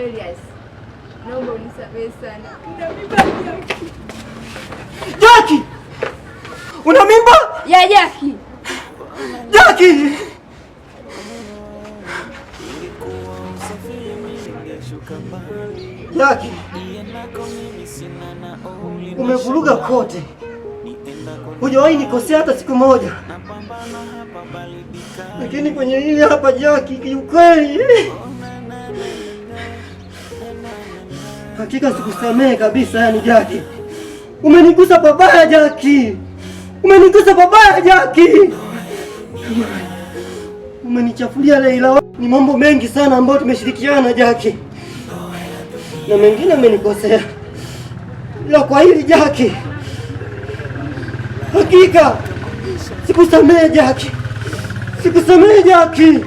Elias, naomba unisamehe sana. Una mimba Jaki? una mimba ya Jaki? Jaki, Jaki, umevuruga kote, hujawahi nikosea hata siku moja, lakini kwenye hili hapa Jaki, kiukweli eh. Hakika sikusamehe kabisa, yani Jaki, umenigusa pabaya. Jaki, umenigusa pabaya. Jaki, umenichafulia Leila. Ni mambo mengi sana ambayo tumeshirikiana Jaki, na mengine amenikosea ila kwa hili Jaki, hakika sikusamehe Jaki, sikusamehe Jaki.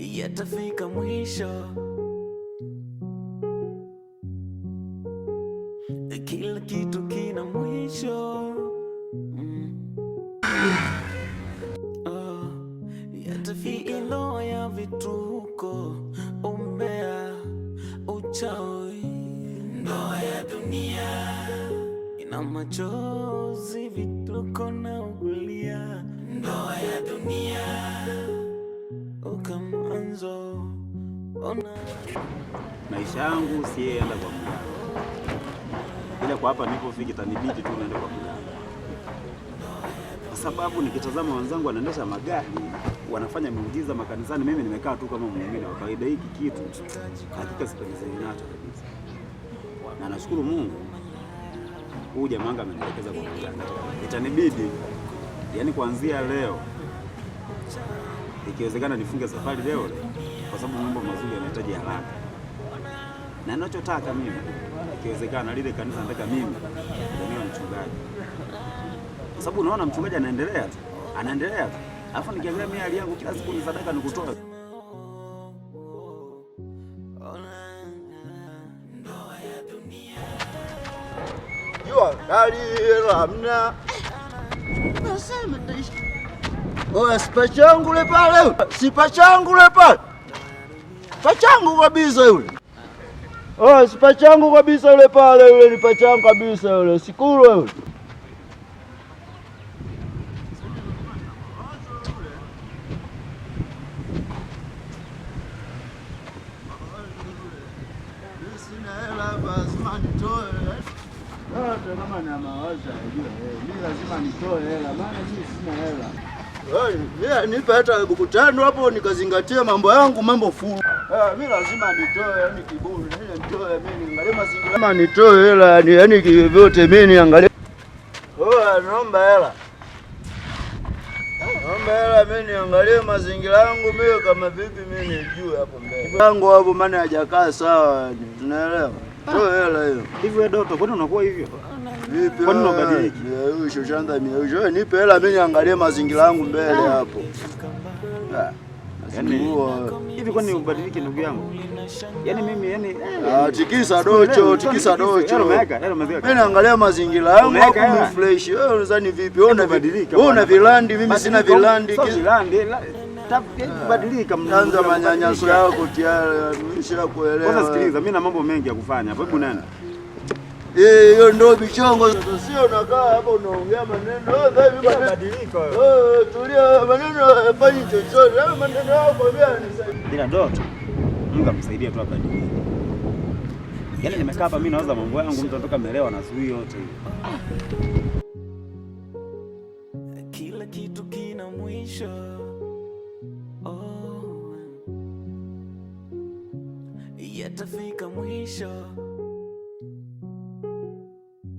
yatafika mwisho. Kila kitu kina mwisho mm. Oh, ya vituko, umbea, uchawi, ndoa ya dunia ina machozi, vituko na maisha yangu siyeenda kwa mganga, ila kwa hapa nilipofika itanibidi tu naende kwa mganga, kwa sababu nikitazama wenzangu wanaendesha magari wanafanya miujiza makanisani, mimi nimekaa tu kama muumini wa kawaida. Hiki kitu hakika nacho kabisa, na nashukuru Mungu huu jamaanga amenielekeza kwa mganga. Itanibidi yani kuanzia leo, ikiwezekana nifunge safari leo leo kwa sababu mambo mazuri yanahitaji haraka, na ninachotaka mimi ikiwezekana, lile kanisa nataka mimi niwe mchungaji, kwa sababu unaona mchungaji anaendelea tu anaendelea tu, alafu nikiangalia mimi hali yangu kila siku ni sadaka ni kutoa sipa changu le pale, sipa changu le pale Pachangu kabisa yule. Ah, oh, si pachangu kabisa yule pale yule ah, ni pachangu kabisa yule. Sikulwa yule. Kama Nipe hata elfu tano hapo nikazingatia mambo yangu, mambo fulu Eh, mi lazima nitoe, yani kiburi mi nitoe, mi niangalie mazingira, kama nitoe hela yani niangalie. naomba hela, naomba hela, mi niangalie mazingira yangu mimi kama vipi, nijue hapo mbele yangu hapo, maana hajakaa sawa, Toa hela hiyo. Hivyo Doto, kwani unakuwa hivyo? Nipe hela mimi niangalie mazingira yangu mbele hapo. Yaani, yaani, hivi kwani ubadilike ndugu yangu? Yaani mimi yani ah, tikisa docho, tikisa docho. Mimi naangalia mazingira yangu hapo yaani. fresh. Wewe unadhani vipi? Wewe unabadilika. Wewe una vilandi, ah. mimi sina vilandi. Vilandi. Tabadilika mnaanza manyanyaso yako tiari. Mimi sikuelewa. Sikiliza, mimi na mambo mengi ya kufanya. Hebu nani? Eh, hiyo e, ndio michongo. Sio unakaa hapa unaongea maneno eh, tulia, maneno fanya chochote, maneno yako bila ndoto. Mungu amsaidie tu abadilike. Yaani nimekaa hapa mimi nawaza mambo yangu, mtu anatoka melewa na sui yote kila kitu kina mwisho. Oh, yatafika mwisho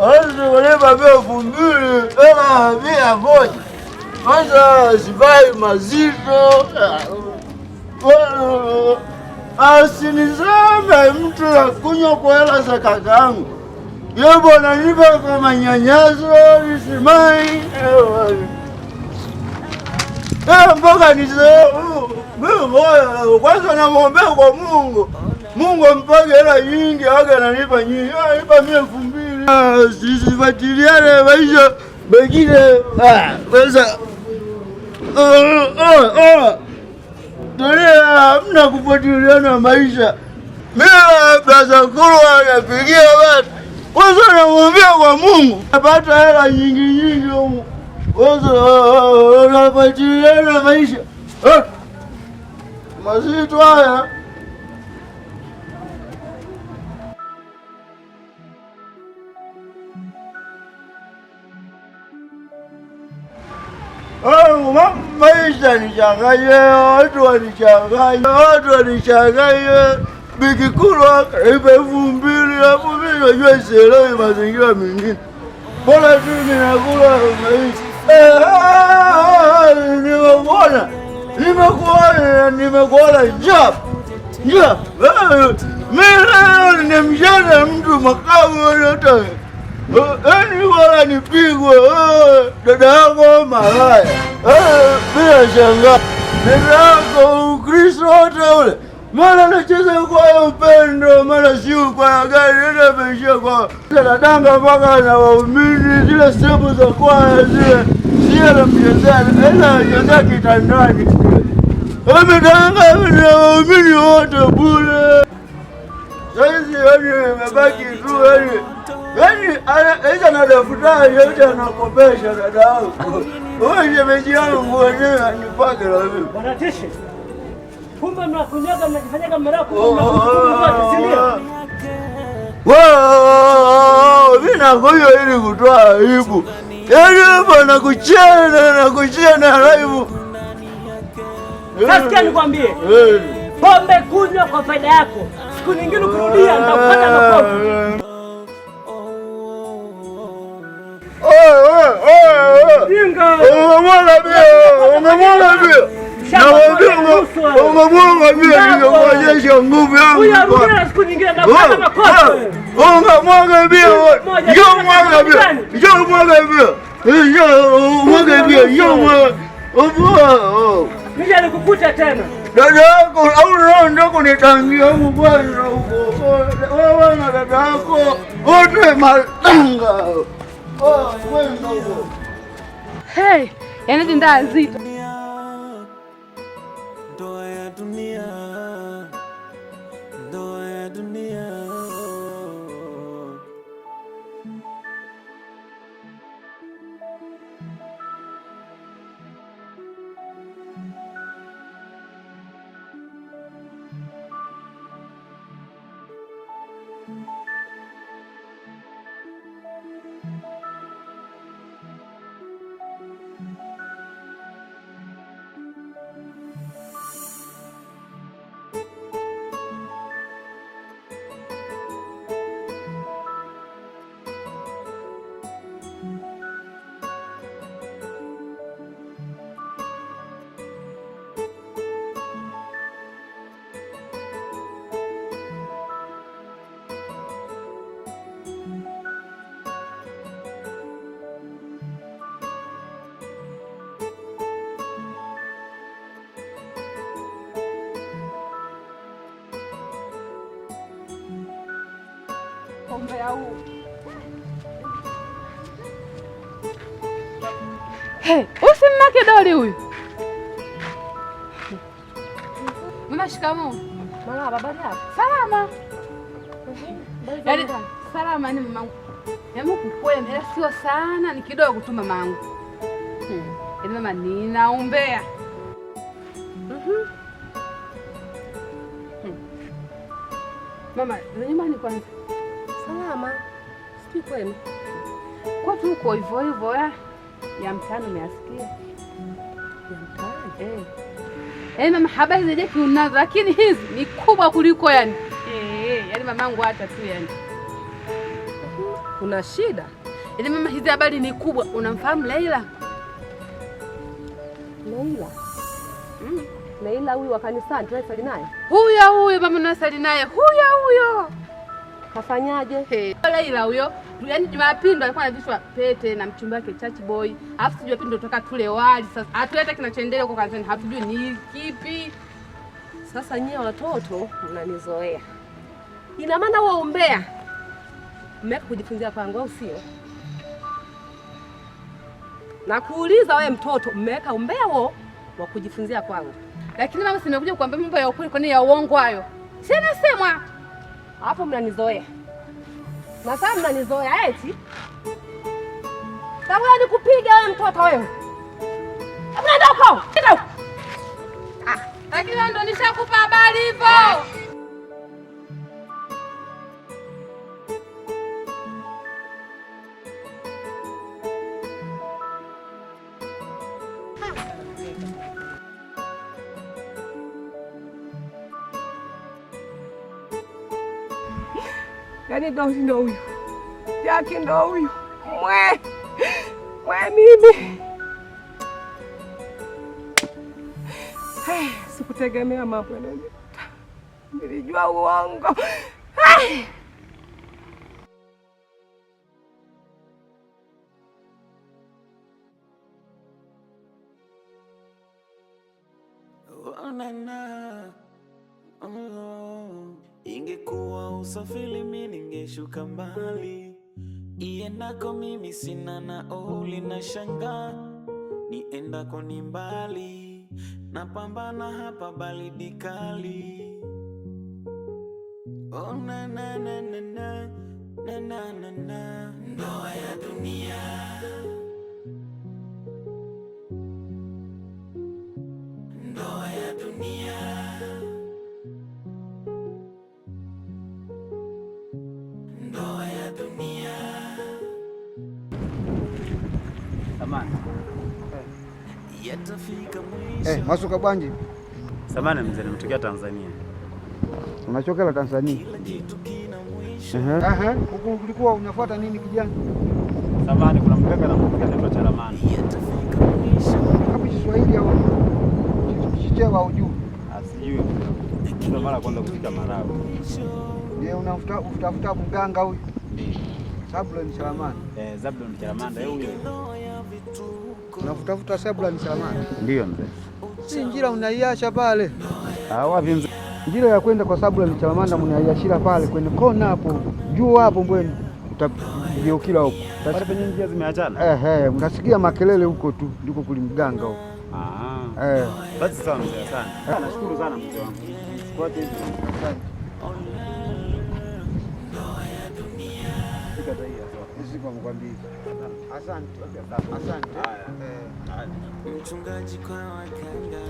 walipa elfu mbili ela mia moja kwanza sivai mazito asiniseme mtu yakunywa kwa hela za kakangu yebo nanipa kwa manyanyazo nisimai eh, mpaka nisee kwanza namwombea kwa Mungu Mungu mpake hela nyingi age nanipa nyingi nipa mie elfu Tusifuatiliane maisha mengine ah, sasa. Oh, oh, oh. Tulia, hamna kufuatiliana maisha. Mimi Brother Kulwa napigia watu kwanza, namwambia kwa Mungu napata hela nyingi nyingi huko, kwanza nafuatiliana maisha eh. mazito haya yangu maisha nichanganye, watu wanichanganye, watu wanichanganye. Biki Kulwa elfu mbili hapo, mimi najua sielewi mazingira mengine, bora tu ninakula maisha. Eh, nimekuona, nimekuona, nimekuona njap njap, eh, mimi leo nimshana mtu makamu yote Yaani eh, eh, bora nipigwe eh, dada yako malaya. Bila shangaa dada yako Ukristo wote ule, mara anacheza kwa upendo, mara siu kwa ya gari, enda ameishia kwa nadanga mpaka na waumini, zile sehemu za kwaya zile sie namchezea, enda achezea kitandani, amedanga na waumini wote bule. Saizi yani imebaki tu yani Yaani aisa anatafuta yote anakopesha dada yako. Wewe shemeji yangu mwenyewe anipake la mimi. Bwana Tishe. Kumbe mnakunyaga mnajifanyaga mmerako mnakunyaga Wow, mimi nakuyo ili kutoa aibu. Yaani hapa nakuchena nakuchena live. Sasa yaani. nikwambie. Yaani. Pombe kunywa kwa faida yako. Siku nyingine ukirudia nitakukata makofi. umemwona pia, umemwona pia, umemwona pia, nikakuonyesha nguvu yangu, ungamwaga pia, njoo mwaga pia, njoo mwaga pia, njoo mwaga pia, njoo mwaga Nija oh. nikukuta tena. Dada yako au roho ndio kunitangia huko kwanza huko. Wewe na dada yako wote matanga. Oh, wewe ndio. Hey, yani ndio ndaa nzito. umbea huu. Hey, usimnake doli huyu. Mama, shikamoo. Mama, habari yako? Salama. Yaani salama ni mamangu. Hebu yaani, kukwenda ila sio sana, ni kidogo tu mamangu. Hmm. Yaani mama ninaumbea. Mhm. Hmm. Mama, nyumbani kwanza mama, sijui kwenu tu uko hivyo hivyo ya eh? ya mtaani umeasikia ya eh. eh. mama, habari zije kiunazo, lakini hizi ni kubwa kuliko yani eh, eh yani mamangu hata tu yani kuna shida yaani mama, hizi habari ni kubwa. Unamfahamu Leila? Leila mm. Leila huyu wa kanisani tunasali naye, huyo huyo mama, tunasali naye huyo huyo kafanyaje? Hey. Leila huyo, yaani Jumapili ndo alikuwa anavishwa pete na mchumba wake church Boy. Alafu sijui Jumapili ndo toka tule wali sasa. Hatuleta kinachoendelea huko kanisani, hatujui ni kipi. Sasa nyie watoto mnanizoea. Ina maana wewe umbea mmeweka kujifunzia kwangu, au sio? Nakuuliza wewe mtoto, mmeweka umbea wao wa kujifunzia kwangu. Lakini mama, simekuja kukuambia mambo ya ukweli, kwani ya uongo hayo. Sina semwa hapo mnanizoea na saa mnanizoea eti tabula nikupiga wewe mtoto wewe. Hebu ah, Lakini ndo nishakupa habari hivyo. Ah. Yaani Dori ndo huyu, Jaki ndo huyu, mwe mwe mimi. Hey, sikutegemea mambo yanayojikuta, nilijua uongo. Hey! Oh, nana. Oh. Ingekuwa usafiri mini ningeshuka mbali, iendako mimi sina nauli, na shangaa niendako ni mbali, napambana hapa baridi kali. Oh, na na na na na na na na Eh, Masuka Bwanji. Samana mzee, nimetokea Tanzania. Unachokela Tanzania? Huku ulikuwa unafuata nini kijana? Samani, kuna na mganga anaitwa Chalamani. Kama Kiswahili au Kichewa hujui? Asijui. Ndio mara kwanza kufika Malawi. Ndio utafuta mganga huyu? Zablon Chalamani. Eh, Zablon Chalamani ndio huyo. Unamtafuta Zablon Chalamani? Ndio mzee si njira unaiacha pale. Ah, wapi njira ya kwenda kwa sababu ni chalamanda mnaiashira pale kwenye kona hapo juu hapo mbweni utageukila huko pale penye njia zimeachana. Eh, eh, mnasikia makelele huko tu ndiko kulimganga huko. Ah. Eh. Basi sawa sana sana. Eh. Nashukuru sana mzee wangu. Kwa hiyo asante mzima mkwambie. Asante. Asante. Mchungaji kwa waganga.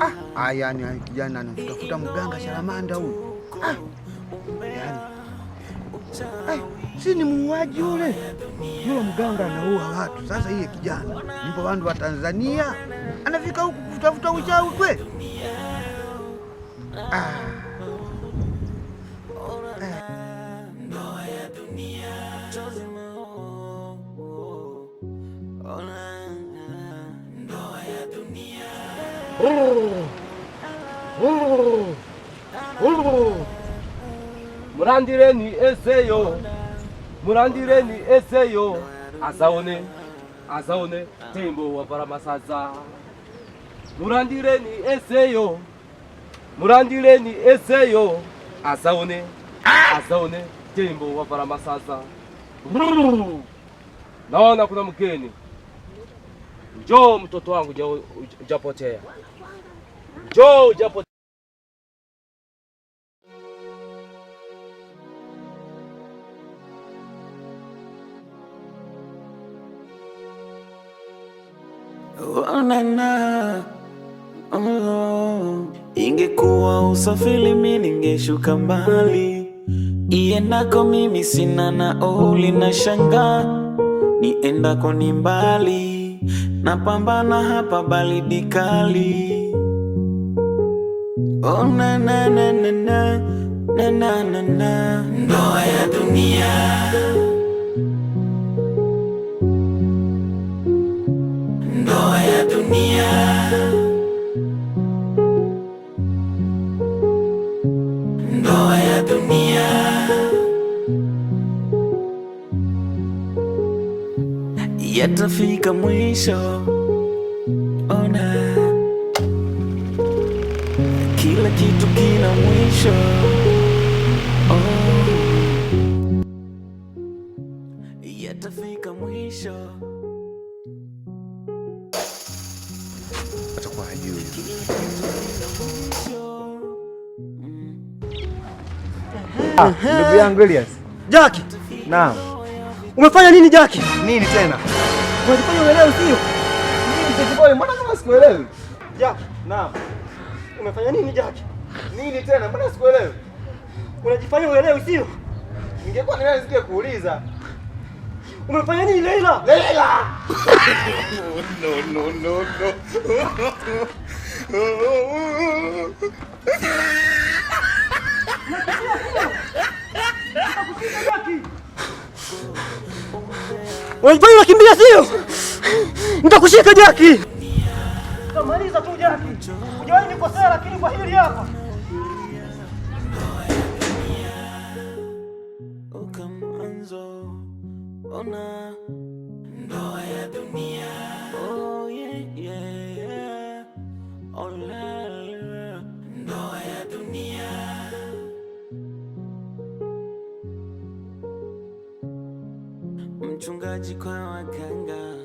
Ah, ah, yani ah, kijana anatafuta mganga sharamanda huyu. Ah. Eh, si ni muuaji ule yule mganga anaua watu. Sasa hiye kijana nipo wandu wa Tanzania anafika huku kutafuta uchawi kwe Ah. murandireni eseyo murandireni eseyo azaone azaone tembo wavara masaza murandireni eseyo murandireni eseyo azaone azaone tembo wavara masaza naona kuna mgeni njoo mtoto wangu japotea njoo ujapotea kuonana oh. Ingekuwa usafiri mimi ningeshuka mbali, iendako mimi sina nauli, na shanga niendako ni mbali, napambana hapa baridi kali oh, na, na, na, na, na, na, na, na. Ndoa ya dunia ndoa ya dunia yatafika mwisho. Ona, kila kitu kina mwisho. Ah, ndugu yangu Elias. Jackie. Naam. Umefanya nini Jackie? Nini tena? Unajifanya uelewi sio? Nini Jackie boy, mbona kama sikuelewi? Jackie, naam. Umefanya nini Jackie? Nini tena? Mbona sikuelewi? Unajifanya uelewi sio? Ningekuwa nimeanza kuuliza. Umefanya nini Leila? Leila. No no no no. Oh, oh, oh. Unajifanya unakimbia sio? Nitakushika Jaki. Tamaliza tu Jaki. Hujawahi nikosea lakini kwa hili hapa. Ona ndoa ya dunia. 从个几块我看够。